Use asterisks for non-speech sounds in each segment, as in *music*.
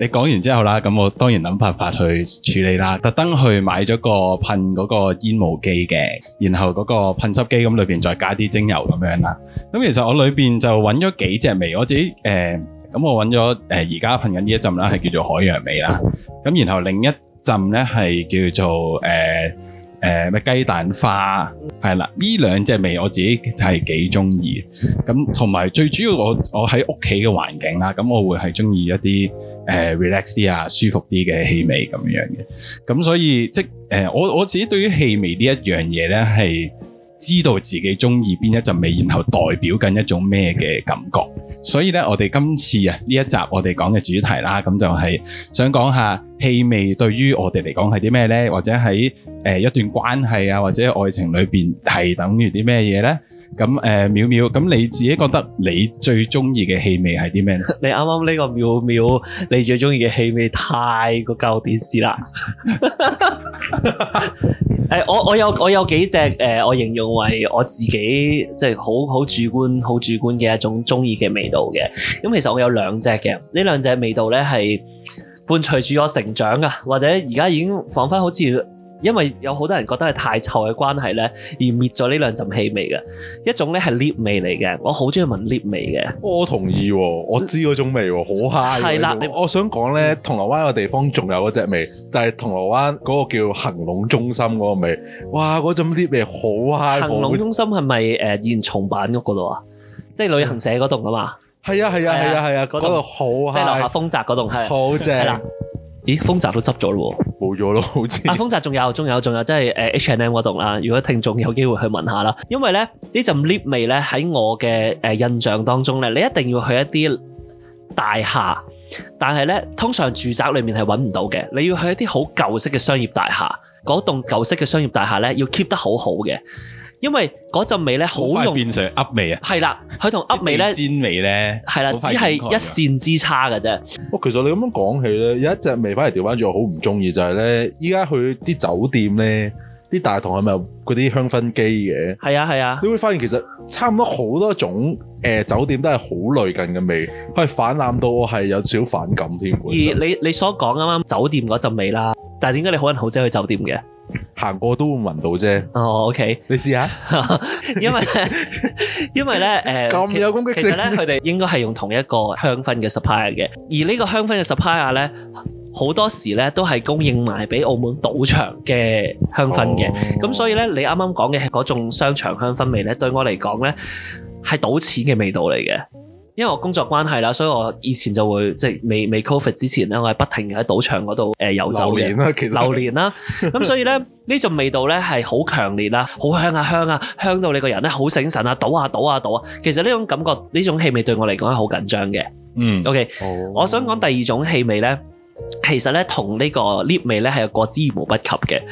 你講完之後啦，咁我當然諗辦法去處理啦，特登去買咗個噴嗰個煙霧機嘅，然後嗰個噴濕機咁裏邊再加啲精油咁樣啦。咁其實我裏邊就揾咗幾隻味，我自己誒，咁、呃、我揾咗誒而家噴緊呢一陣啦，係叫做海洋味啦。咁然後另一陣咧係叫做誒。呃誒咩、呃、雞蛋花係啦，呢兩隻味我自己係幾中意。咁同埋最主要我我喺屋企嘅環境啦，咁我會係中意一啲誒 relax 啲啊舒服啲嘅氣味咁樣嘅。咁所以即係、呃、我我自己對於氣味呢一樣嘢咧，係知道自己中意邊一陣味，然後代表緊一種咩嘅感覺。所以呢，我哋今次啊呢一集我哋講嘅主題啦，咁就係想講下氣味對於我哋嚟講係啲咩咧，或者喺誒、呃、一段關係啊，或者是愛情裏邊係等於啲咩嘢咧？咁誒，淼淼，咁、呃、你自己覺得你最中意嘅氣味係啲咩咧？你啱啱呢個妙妙，你最中意嘅氣味太過舊電視啦。係、 *laughs* *laughs* 哎，我我有我有幾隻誒、呃，我形容為我自己即係好好主觀、好主觀嘅一種中意嘅味道嘅。咁其實我有兩隻嘅，呢兩隻味道咧係伴隨住我成長㗎，或者而家已經放翻好似。因為有好多人覺得係太臭嘅關係咧，而滅咗呢兩陣氣味嘅一種咧係 lift 味嚟嘅，我好中意聞 lift 味嘅。我同意，我知嗰種味好嗨。嗯、好 high，係啦，你，我，我想講咧，銅鑼灣個地方仲有嗰隻味，就係銅鑼灣嗰個叫恆隆中心嗰個味。哇，嗰陣 lift 味好嗨！恆隆中心係咪誒現重版嗰個啊？即係旅行社嗰棟啊嘛。係啊係啊係啊係啊！嗰度好 high，即係樓下豐澤嗰棟係。好正。咦，豐澤都執咗咯喎！冇咗咯，好似。阿豐澤仲有，仲有，仲有，即係誒 H and M 嗰棟啦。如果聽眾有機會去問下啦，因為咧呢陣 lift 味咧喺我嘅誒印象當中咧，你一定要去一啲大廈，但係咧通常住宅裏面係揾唔到嘅。你要去一啲好舊式嘅商業大廈，嗰棟舊式嘅商業大廈咧要 keep 得好好嘅。因為嗰陣味咧，好容易變成噏味啊！係啦，佢同噏味咧，鮮味咧，係啦，只係一綫之差嘅啫。哇，其實你咁樣講起咧，有一隻味反而調翻轉我好唔中意，就係咧，依家去啲酒店咧，啲大堂係咪嗰啲香薰機嘅？係啊係啊，你會發現其實差唔多好多種誒，酒店都係好類近嘅味，佢係泛濫到我係有少少反感添。而你你所講啱啱酒店嗰陣味啦，但係點解你好撚好憎去酒店嘅？行過都會聞到啫。哦、oh，OK，你試下， *laughs* *laughs* 因為因為咧，誒、呃、咁有攻擊性咧，其實佢哋應該係用同一個香薰嘅 supply 嘅。而呢個香薰嘅 supply 咧，好多時咧都係供應埋俾澳門賭場嘅香薰嘅。咁、oh. 所以咧，你啱啱講嘅嗰種商場香薰味咧，對我嚟講咧係賭錢嘅味道嚟嘅。因為我工作關係啦，所以我以前就會即係未未 COVID 之前咧，我係不停喺賭場嗰度誒遊走嘅。榴蓮啦、啊，咁、啊、 *laughs* 所以咧呢種味道咧係好強烈啦，好香啊香啊，香到你個人咧好醒神啊，賭啊賭啊賭啊。其實呢種感覺，呢種氣味對我嚟講係好緊張嘅。嗯，OK，哦、我想講第二種氣味咧。其實咧，同呢個 lift 味咧係有過之而無不及嘅，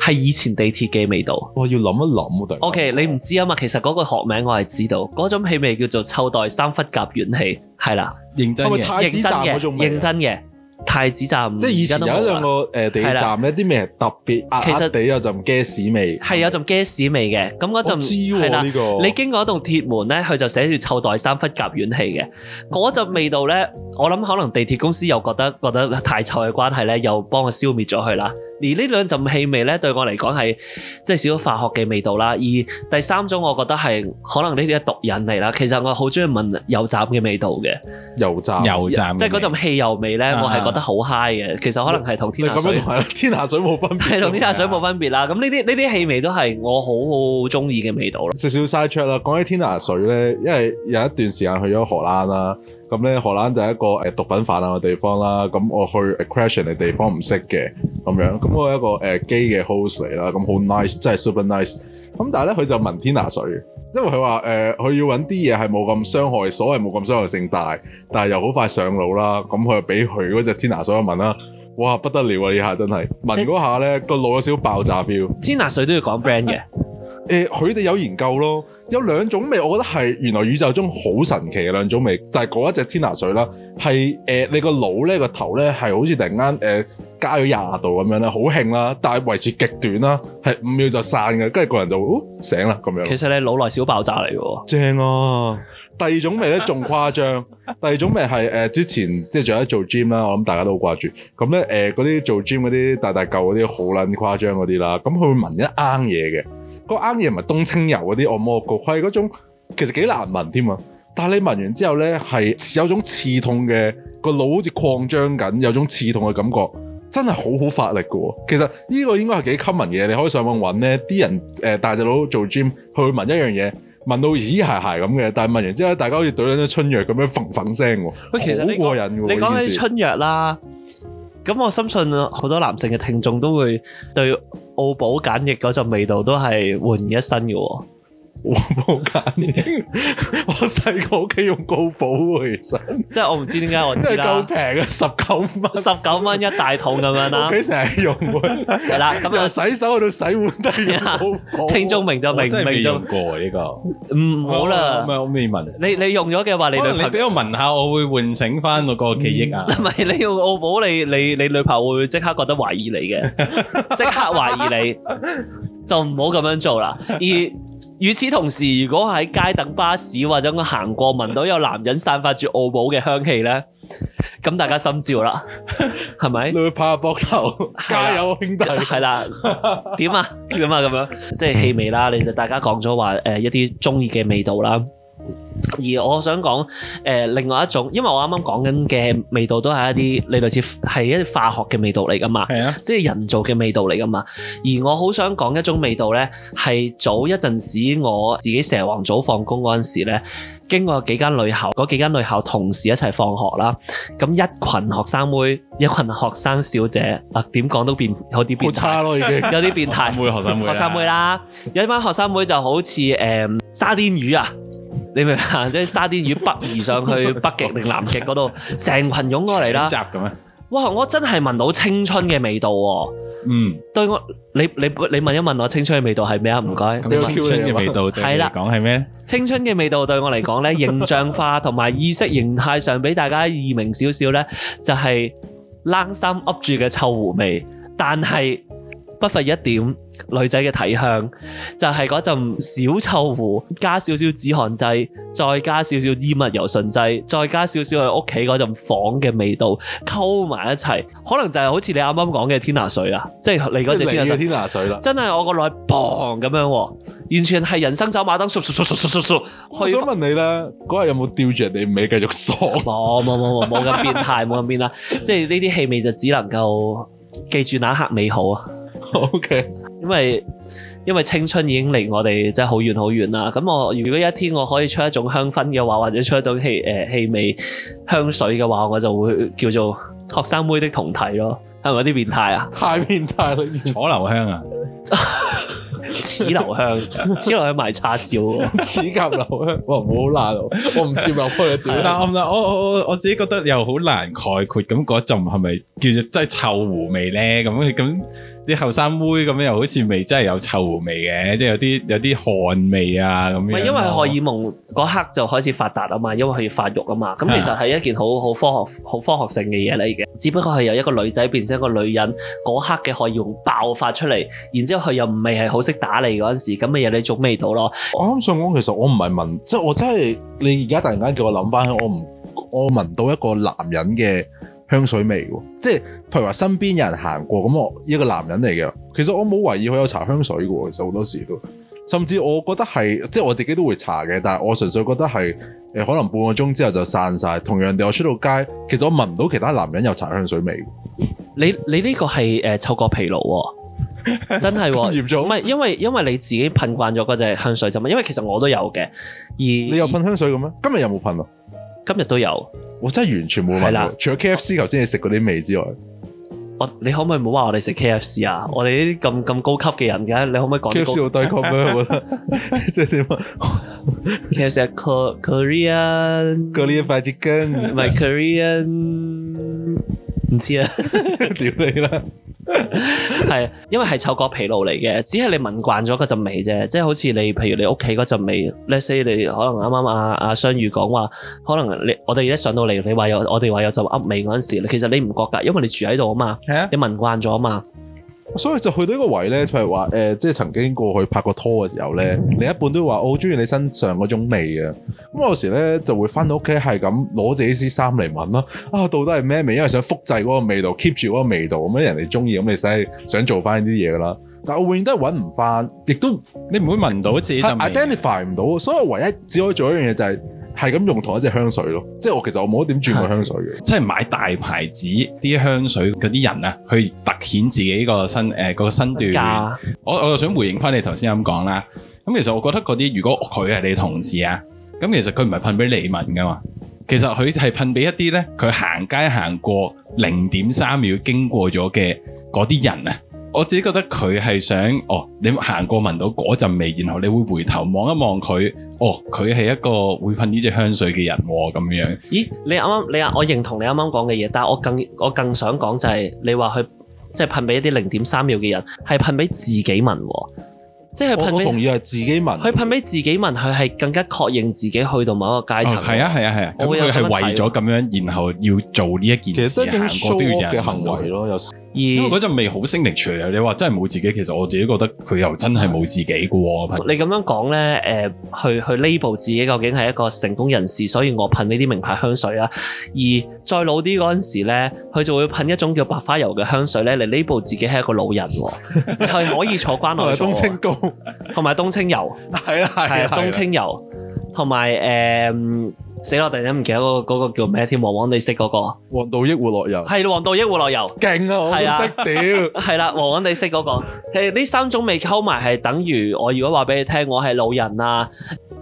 係以前地鐵嘅味道。我要諗一諗啊，突然。O.K. 你唔知啊嘛？其實嗰個學名我係知道，嗰種氣味叫做臭袋三忽甲烷氣，係啦，認真嘅，啊、是是認真嘅，認真嘅。太子站，即係以前有兩個誒地鐵站咧，啲味係特別壓壓地，其實有陣 gas 味，係有陣 gas 味嘅。咁嗰陣係啦，你經過一棟鐵門咧，佢就寫住臭袋三忽甲軟氣嘅。嗰陣味道咧，我諗可能地鐵公司又覺得覺得太臭嘅關係咧，又幫我消滅咗佢啦。而呢兩陣氣味咧，對我嚟講係即係少少化學嘅味道啦。而第三種我覺得係可能呢啲係毒癮嚟啦。其實我好中意聞油站嘅味道嘅，油站油站，即係嗰陣汽油味咧，我係，覺得好嗨嘅，其實可能係同天拿水，係咁天拿水冇分別，係同 *laughs* 天拿水冇分別啦。咁呢啲呢啲氣味都係我好好中意嘅味道咯。少少 side-track 啦。講起天拿水咧，因為有一段時間去咗荷蘭啦。咁咧荷蘭就係一個誒毒品泛濫嘅地方啦。咁我去 Crashion 嘅地方唔識嘅咁樣，咁我有一個誒 gay 嘅 host 嚟啦，咁好 nice，真係 super nice。咁但係咧佢就聞天拿水，因為佢話誒佢要揾啲嘢係冇咁傷害，所謂冇咁傷害性大，但係又好快上腦啦。咁佢就俾佢嗰隻天拿水去聞啦。哇不得了啊！下呢下真係聞嗰下咧個腦有少少爆炸 feel。天拿聽水都要講 brand 嘅、啊。啊誒，佢哋、呃、有研究咯，有兩種味，我覺得係原來宇宙中好神奇嘅兩種味，就係嗰一隻天拿水啦，係、呃、誒你個腦咧個頭咧係好似突然間誒、呃、加咗廿度咁樣啦，好興啦，但係維持極短啦，係五秒就散嘅，跟住個人就、哦、醒啦咁樣。其實咧腦內小爆炸嚟嘅，正啊！第二種味咧仲誇張， *laughs* 第二種味係誒、呃、之前即係仲喺度做 gym 啦，我諗大家都掛住。咁咧誒嗰啲做 gym 嗰啲大大舊嗰啲好撚誇張嗰啲啦，咁佢會聞一啱嘢嘅。個啱嘢唔係冬青油嗰啲按摩膏，係嗰種其實幾難聞添啊！但係你聞完之後咧，係有種刺痛嘅，個腦好似擴張緊，有種刺痛嘅感覺，真係好好發力嘅喎！其實呢個應該係幾 common 嘅，你可以上網揾咧，啲人誒、呃、大隻佬做 gym 去會聞一樣嘢，聞到咦係係咁嘅，但係聞完之後大家好似懟兩樽春藥咁樣唪唪聲喎，其實好過癮喎！你講啲春藥啦～咁我深信好多男性嘅聽眾都會對澳寶簡易嗰陣味道都係換一身嘅喎。我冇揀嘅，我細個屋企用高寶其實，即係我唔知點解我真係夠平啊，十九蚊，十九蚊一大桶咁樣啦，你成日用喎，係啦，咁又洗手喺度洗碗得嘅，聽中名就明，未用過呢個，唔好啦，唔係我未聞，你你用咗嘅話，你你俾我聞下，我會喚醒翻我個記憶啊，唔係你用澳寶，你你你女朋友會即刻覺得懷疑你嘅，即刻懷疑你，就唔好咁樣做啦，而。與此同時，如果喺街等巴士或者我行過聞到有男人散發住澳寶嘅香氣咧，咁大家心照啦，係咪 *laughs* 吧？ *laughs* 你會拍下膊頭，加油兄弟！係啦，點啊？咁啊咁樣，即係氣味啦。你就大家講咗話誒一啲中意嘅味道啦。而我想講誒、呃，另外一種，因為我啱啱講緊嘅味道都係一啲，你、嗯、類似係一啲化學嘅味道嚟噶嘛，嗯、即係人造嘅味道嚟噶嘛。而我好想講一種味道呢，係早一陣子我自己蛇王早放工嗰陣時呢，經過幾間女校，嗰幾間女校同時一齊放學啦，咁一群學生妹，一群學生小姐，啊，點講都變好啲變，差咯已經，有啲變態，學生妹，學生妹啦， *laughs* 妹啦有一班學生妹就好似誒、呃、沙甸魚啊。你明嘛？即係沙丁魚北移上去北極定南極嗰度，成羣湧過嚟啦。集咁啊！哇！我真係聞到青春嘅味道喎。嗯，對我你你你問一問我青春嘅味道係咩啊？唔該。青春嘅味道對我嚟講係咩？青春嘅味道對我嚟講咧，形象化同埋意識形態上俾大家易明少少咧，就係冷衫噏住嘅臭狐味，但係，不乏一點女仔嘅體香，就係嗰陣小臭狐，加少少止汗劑，再加少少衣物柔順劑，再加少少佢屋企嗰陣房嘅味道，溝埋一齊，可能就係好似你啱啱講嘅天拿水啊，即係你嗰隻天拿水啦，你你天拿水真係我個內砰咁樣喎，完全係人生走馬燈，我想問你咧，嗰日有冇吊住人哋尾繼續嗦？冇冇冇冇冇咁變態，冇咁 *laughs* 變啦，變 *laughs* 即係呢啲氣味就只能夠記住那刻美好啊！O K，因為因為青春已經離我哋真係好遠好遠啦。咁我如果一天我可以出一種香薰嘅話，或者出一種氣誒氣味香水嘅話，我就會叫做學生妹的胴體咯。係咪有啲變態啊？太變態啦！楚留香啊，齒留香，齒留香賣叉燒，齒頰留香。哇 claro fik，好難，我唔接受 point 啦，我我我自己覺得又好難概括。咁嗰陣係咪叫做真係臭狐味咧？咁咁。啲後生妹咁樣又好似未真係有臭味嘅，即係有啲有啲汗味啊咁。唔係因為荷爾蒙嗰刻就開始發達啊嘛，因為佢要發育啊嘛。咁的其實係一件好好科學、好科學性嘅嘢嚟嘅，只不過係由一個女仔變成一個女人嗰刻嘅荷爾蒙爆發出嚟，然之後佢又唔係係好識打理嗰陣時，咁咪有啲種味道咯。我啱想講，其實我唔係聞，即係我真係你而家突然間叫我諗翻起，我唔我聞到一個男人嘅。香水味喎，即係譬如話身邊有人行過咁，我一個男人嚟嘅，其實我冇懷疑佢有搽香水嘅，其實好多時都，甚至我覺得係即係我自己都會搽嘅，但係我純粹覺得係誒、呃、可能半個鐘之後就散晒，同樣地我出到街，其實我聞唔到其他男人有搽香水味。你你你呢個係誒嗅覺疲勞、哦， *laughs* 真係、哦，嚴 *laughs* 重。唔係因為因為你自己噴慣咗嗰隻香水啫嘛，因為其實我都有嘅。而你有噴香水嘅咩？今日有冇噴啊？今日都有。我真係完全冇問過，除咗 K F C 頭先你食嗰啲味之外，我，你可唔可以唔好話我哋食 K F C 啊？我哋呢啲咁咁高級嘅人嘅，你可唔可以講？K F C 對抗咩？我覺得即係點啊？K F C 係 Korean，Korean，Fried Chicken，唔係 Korean 唔知啊，屌你啦！係， *laughs* 因為係嗅覺疲勞嚟嘅，只係你聞慣咗嗰陣味啫，即係好似你，譬如你屋企嗰陣味，Let's say 你可能啱啱阿阿雙宇講話，可能你我哋一上到嚟，你話有我哋話有陣噏味嗰陣時，其實你唔覺噶，因為你住喺度啊嘛，Yeah. 你聞慣咗啊嘛。所以就去到呢個位咧，就係話誒，即係曾經過去拍過拖嘅時候咧，另一半都話我好中意你身上嗰種味啊。咁我有時咧就會翻到屋企係咁攞自己啲衫嚟聞啦。啊，到底係咩味？因為想複製嗰個味道，keep 住嗰個味道。咁人哋中意，咁、嗯、你想想做翻啲嘢噶啦。但係我永遠都係揾唔翻，亦都你唔會聞到會自己嘅 identify 唔到，所以唯一只可以做一樣嘢就係、是。係咁用同一隻香水咯，即係我其實我冇點轉過香水嘅，即係買大牌子啲香水嗰啲人啊，去突顯自己個身誒、個、呃、身段。我我就想回應翻你頭先咁講啦，咁其實我覺得嗰啲如果佢係你同事啊，咁其實佢唔係噴俾你聞㗎嘛，其實佢係噴俾一啲咧佢行街行過零點三秒經過咗嘅嗰啲人啊。我自己覺得佢係想，哦，你行過聞到嗰陣味，然後你會回頭望一望佢，哦，佢係一個會噴呢隻香水嘅人喎、哦，咁樣。咦？你啱啱你啊，我認同你啱啱講嘅嘢，但係我更我更想講就係、是，你話佢即係噴俾一啲零點三秒嘅人，係噴俾自己聞、哦，即係佢仲要係自己聞。佢噴俾自己聞，佢係更加確認自己去到某一個階層。係啊係啊係啊，咁佢係為咗咁樣，啊、然後要做呢一件事，其實行過都要嘅行為咯。而因為嗰陣味好 signature，你話真係冇自己，其實我自己覺得佢又真係冇自己嘅喎。你咁樣講呢，誒、呃，去去 label 自己究竟係一個成功人士，所以我噴呢啲名牌香水啦。而再老啲嗰陣時咧，佢就會噴一種叫白花油嘅香水呢，嚟 label 自己係一個老人，係 *laughs* 可以坐關愛座冬青膏，同埋冬青油，係啊係啊，冬青油同埋誒。死啦，咯、那個！突然間唔記得嗰個叫咩添？黃黃地色嗰、那個黃道益活絡油係黃道益活絡油，勁啊！我識屌係啦，黃 *laughs* 黃地色嗰、那個其實呢 *laughs* 三種味溝埋，係等於我如果話俾你聽，我係老人啊。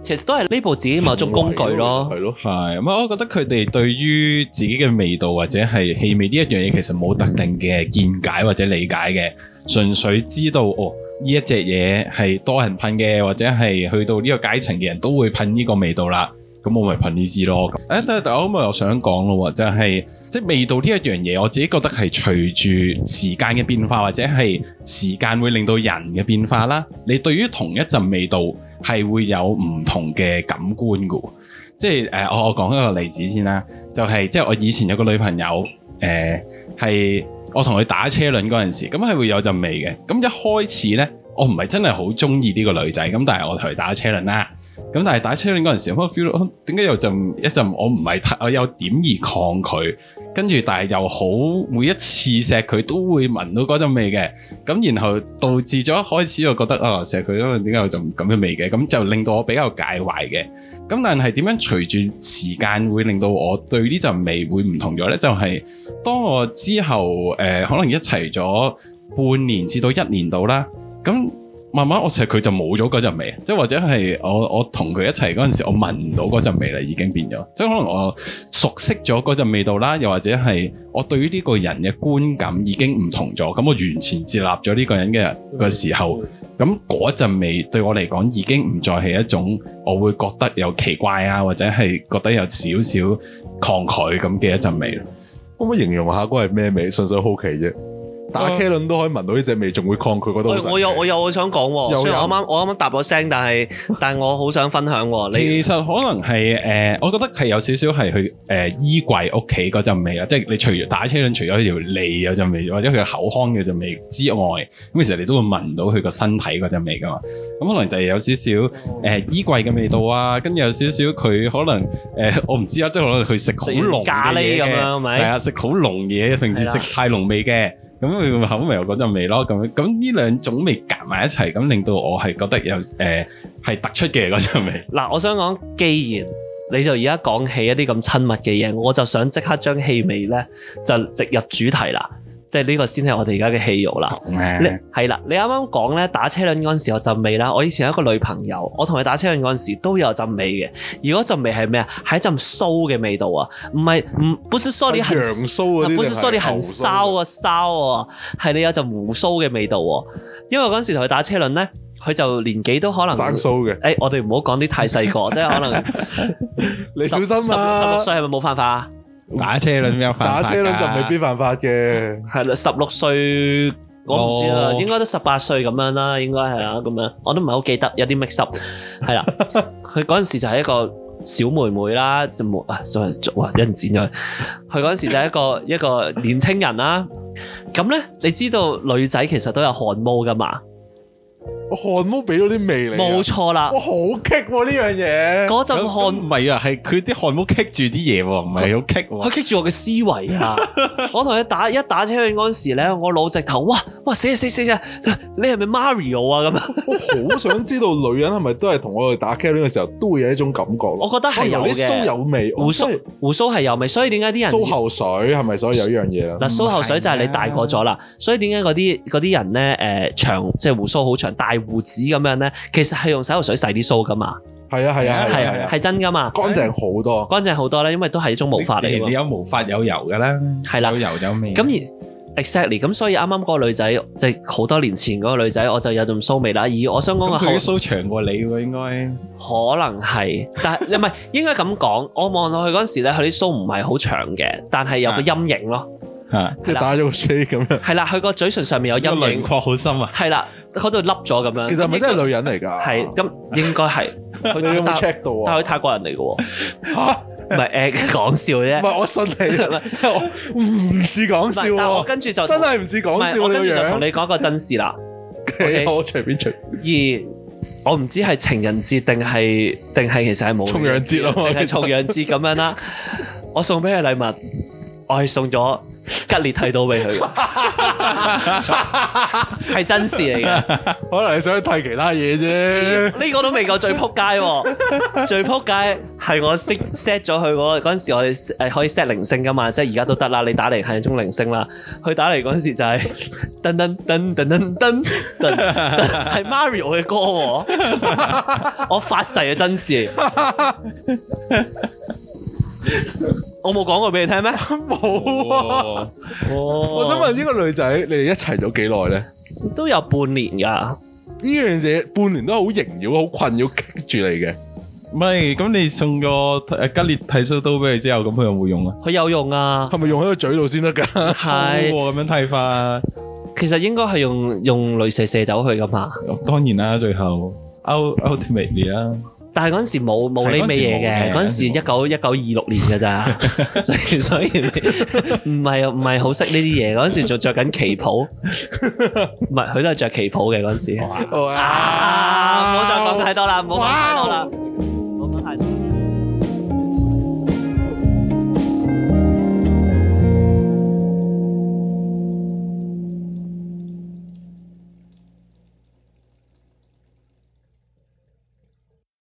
其實都係呢部自己某足工具咯，係咯，係咁啊！我覺得佢哋對於自己嘅味道或者係氣味呢一樣嘢，其實冇特定嘅見解或者理解嘅，純粹知道哦，呢一隻嘢係多人噴嘅，或者係去到呢個階層嘅人都會噴呢個味道啦。咁我咪憑呢支咯。誒、哎，但係但我又想講咯，就係即係味道呢一樣嘢，我自己覺得係隨住時間嘅變化，或者係時間會令到人嘅變化啦。你對於同一陣味道係會有唔同嘅感官嘅。即係誒，我我講一個例子先啦。就係即係我以前有個女朋友，誒、呃、係我同佢打車輪嗰陣時，咁係會有陣味嘅。咁一開始呢，我唔係真係好中意呢個女仔，咁但係我同佢打車輪啦。咁但係打車票嗰陣時，我 feel 到點解有陣一陣我唔係太，我有點而抗拒，跟住但係又好每一次錫佢都會聞到嗰陣味嘅，咁然後導致咗一開始我覺得啊錫佢因為點解有陣咁樣味嘅，咁就令到我比較介懷嘅。咁但係點樣隨住時間會令到我對呢陣味會唔同咗咧？就係、是、當我之後誒、呃、可能一齊咗半年至到一年度啦，咁。慢慢我食佢就冇咗嗰陣味，即係或者係我我同佢一齊嗰陣時，我聞唔到嗰陣味啦，已經變咗。即係可能我熟悉咗嗰陣味道啦，又或者係我對於呢個人嘅觀感已經唔同咗，咁我完全接納咗呢個人嘅個時候，咁嗰陣味對我嚟講已經唔再係一種我會覺得有奇怪啊，或者係覺得有少少抗拒咁嘅一陣味。可唔可以形容下嗰係咩味？純粹好奇啫。打車輪都可以聞到呢隻味，仲會抗拒嗰度。我有我有我想講，人所以我啱我啱啱答咗聲，但係 *laughs* 但係我好想分享。你其實可能係誒、呃，我覺得係有少少係去誒衣櫃屋企嗰陣味啦，即係你除咗打車輪除咗條脷有陣味，或者佢口腔嘅陣味之外，咁其實你都會聞到佢個身體嗰陣味噶嘛。咁可能就係有少少誒、呃、衣櫃嘅味道啊，跟住有少少佢可能誒、呃、我唔知啊，即係可能佢食好濃咖喱咁樣，係啊食好濃嘢，平時食太濃味嘅。咁佢口味又嗰種味咯，咁呢兩種味夾埋一齊，咁令到我係覺得有誒、呃、係突出嘅嗰種味道。嗱，我想講，既然你就而家講起一啲咁親密嘅嘢，我就想即刻將氣味咧就直入主題啦。即係呢個先係我哋而家嘅戲肉啦。呢你啦，你啱啱講咧打車輪嗰陣時有陣味啦。我以前有一個女朋友，我同佢打車輪嗰陣時都有陣味嘅。如果陣味係咩啊？係一陣鬚嘅味道啊！唔係唔不是疏啲，羊須嗰啲，不是疏啲，係燒啊燒啊，係你有陣鬍鬚嘅味道喎、喔。因為嗰陣時同佢打車輪咧，佢就年紀都可能生鬚嘅。誒、欸，我哋唔好講啲太細個， *laughs* 即係可能你小心啊！十六歲係咪冇犯法？打車啦，咁樣犯法？打車咁就未必犯法嘅。係啦，十六歲，我唔知啦，應該都十八歲咁樣啦，應該係啊，咁樣我都唔係好記得，有啲 mix up。係啦，佢嗰陣時就係一個小妹妹啦，就冇啊，sorry，哇，有人剪咗佢。佢嗰陣時就係一個 *laughs* 一個年青人啦。咁咧，你知道女仔其實都有汗毛噶嘛？我汗毛俾咗啲味嚟，冇錯啦，哇好棘呢樣嘢，嗰陣汗唔係啊，係佢啲汗毛棘、啊、住啲嘢、啊，唔係好棘，佢棘住我嘅思維啊！ *laughs* 我同佢打一打車去嗰時咧，我腦直頭，哇哇死啊死死啊！你係咪 Mario 啊咁啊？ *laughs* 好 *laughs* 想知道女人係咪都係同我哋打 KTV 嘅時候都會有一種感覺。我覺得係有嘅。哎、鬚有味，鬚鬚係有味，所以點解啲人？鬚後水係咪所以有呢樣嘢啊？嗱，鬚後水就係你大個咗啦，所以點解嗰啲啲人咧？誒、呃，長即係鬚鬚好長，大鬚子咁樣咧，其實係用洗頭水洗啲鬚噶嘛。係啊係啊係啊係真噶嘛，乾淨好多，乾淨好多咧，因為都係一種毛髮嚟嘅。你有毛髮有油噶啦，係啦，有油有味。咁、啊、而 Exactly 咁，所以啱啱嗰個女仔，即係好多年前嗰個女仔，我就有種騷味啦。咦，我想講嘅，佢啲鬚長過你喎，應該。可能係，但係唔係應該咁講。我望落去嗰時咧，佢啲鬚唔係好長嘅，但係有個陰影咯。啊啊、了即係打咗個 shade 咁樣。係啦，佢個嘴唇上面有陰影，輪廓好深啊。係啦，嗰度凹咗咁樣。其實唔係真係女人嚟㗎。係咁，應該係。 *laughs* 該 *laughs* 你有 check 到，但係佢泰國人嚟㗎喎。 *laughs* 唔係誒，講笑啫。唔係，我信你啦，唔係 *laughs* 我唔似講笑跟跟。跟住就真係唔似講笑。跟住就同你講個真事啦。我隨便出。而我唔知係情人節定係定係其實係冇。重陽節啊嘛，重陽節咁樣啦。 *laughs* *laughs* 我送俾佢禮物，我係送咗。吉列睇到俾佢，係真事嚟嘅。可能你想去睇其他嘢啫、 *laughs* 哎，呢、這個都未夠最扑街。最扑街係我 set set 咗佢嗰嗰陣時，我誒可以 set 鈴聲噶嘛，即係而家都得啦。你打嚟係一種鈴聲啦。佢打嚟嗰陣時就係、是、噔,噔,噔噔噔噔噔噔噔，係 Mario 嘅歌、啊。 *laughs* 我發誓係真事。 *laughs* 我冇講過俾你聽咩？冇啊、哦！哦、 *laughs* 我想問呢個女仔，你哋一齊咗幾耐咧？都有半年噶。呢樣嘢半年都好縈繞，好困擾棘住你嘅。唔係，咁你送個吉列剃鬚刀俾你之後，咁佢有冇用啊？佢有用啊！係咪用喺個嘴度先得噶？係咁是 *laughs* 樣剃法。其實應該係用用鐳射射走佢噶嘛？當然啦，最後奧奧特曼嚟啊！但係嗰陣時冇冇呢啲嘢嘅，嗰陣時一九一九二六年㗎咋， *laughs* 所以所以唔係唔係好識呢啲嘢。嗰陣 *laughs* 時就著緊旗袍，唔係，佢都係着旗袍嘅嗰陣時。哇啊，唔好哇再講太多啦，唔好講太多啦。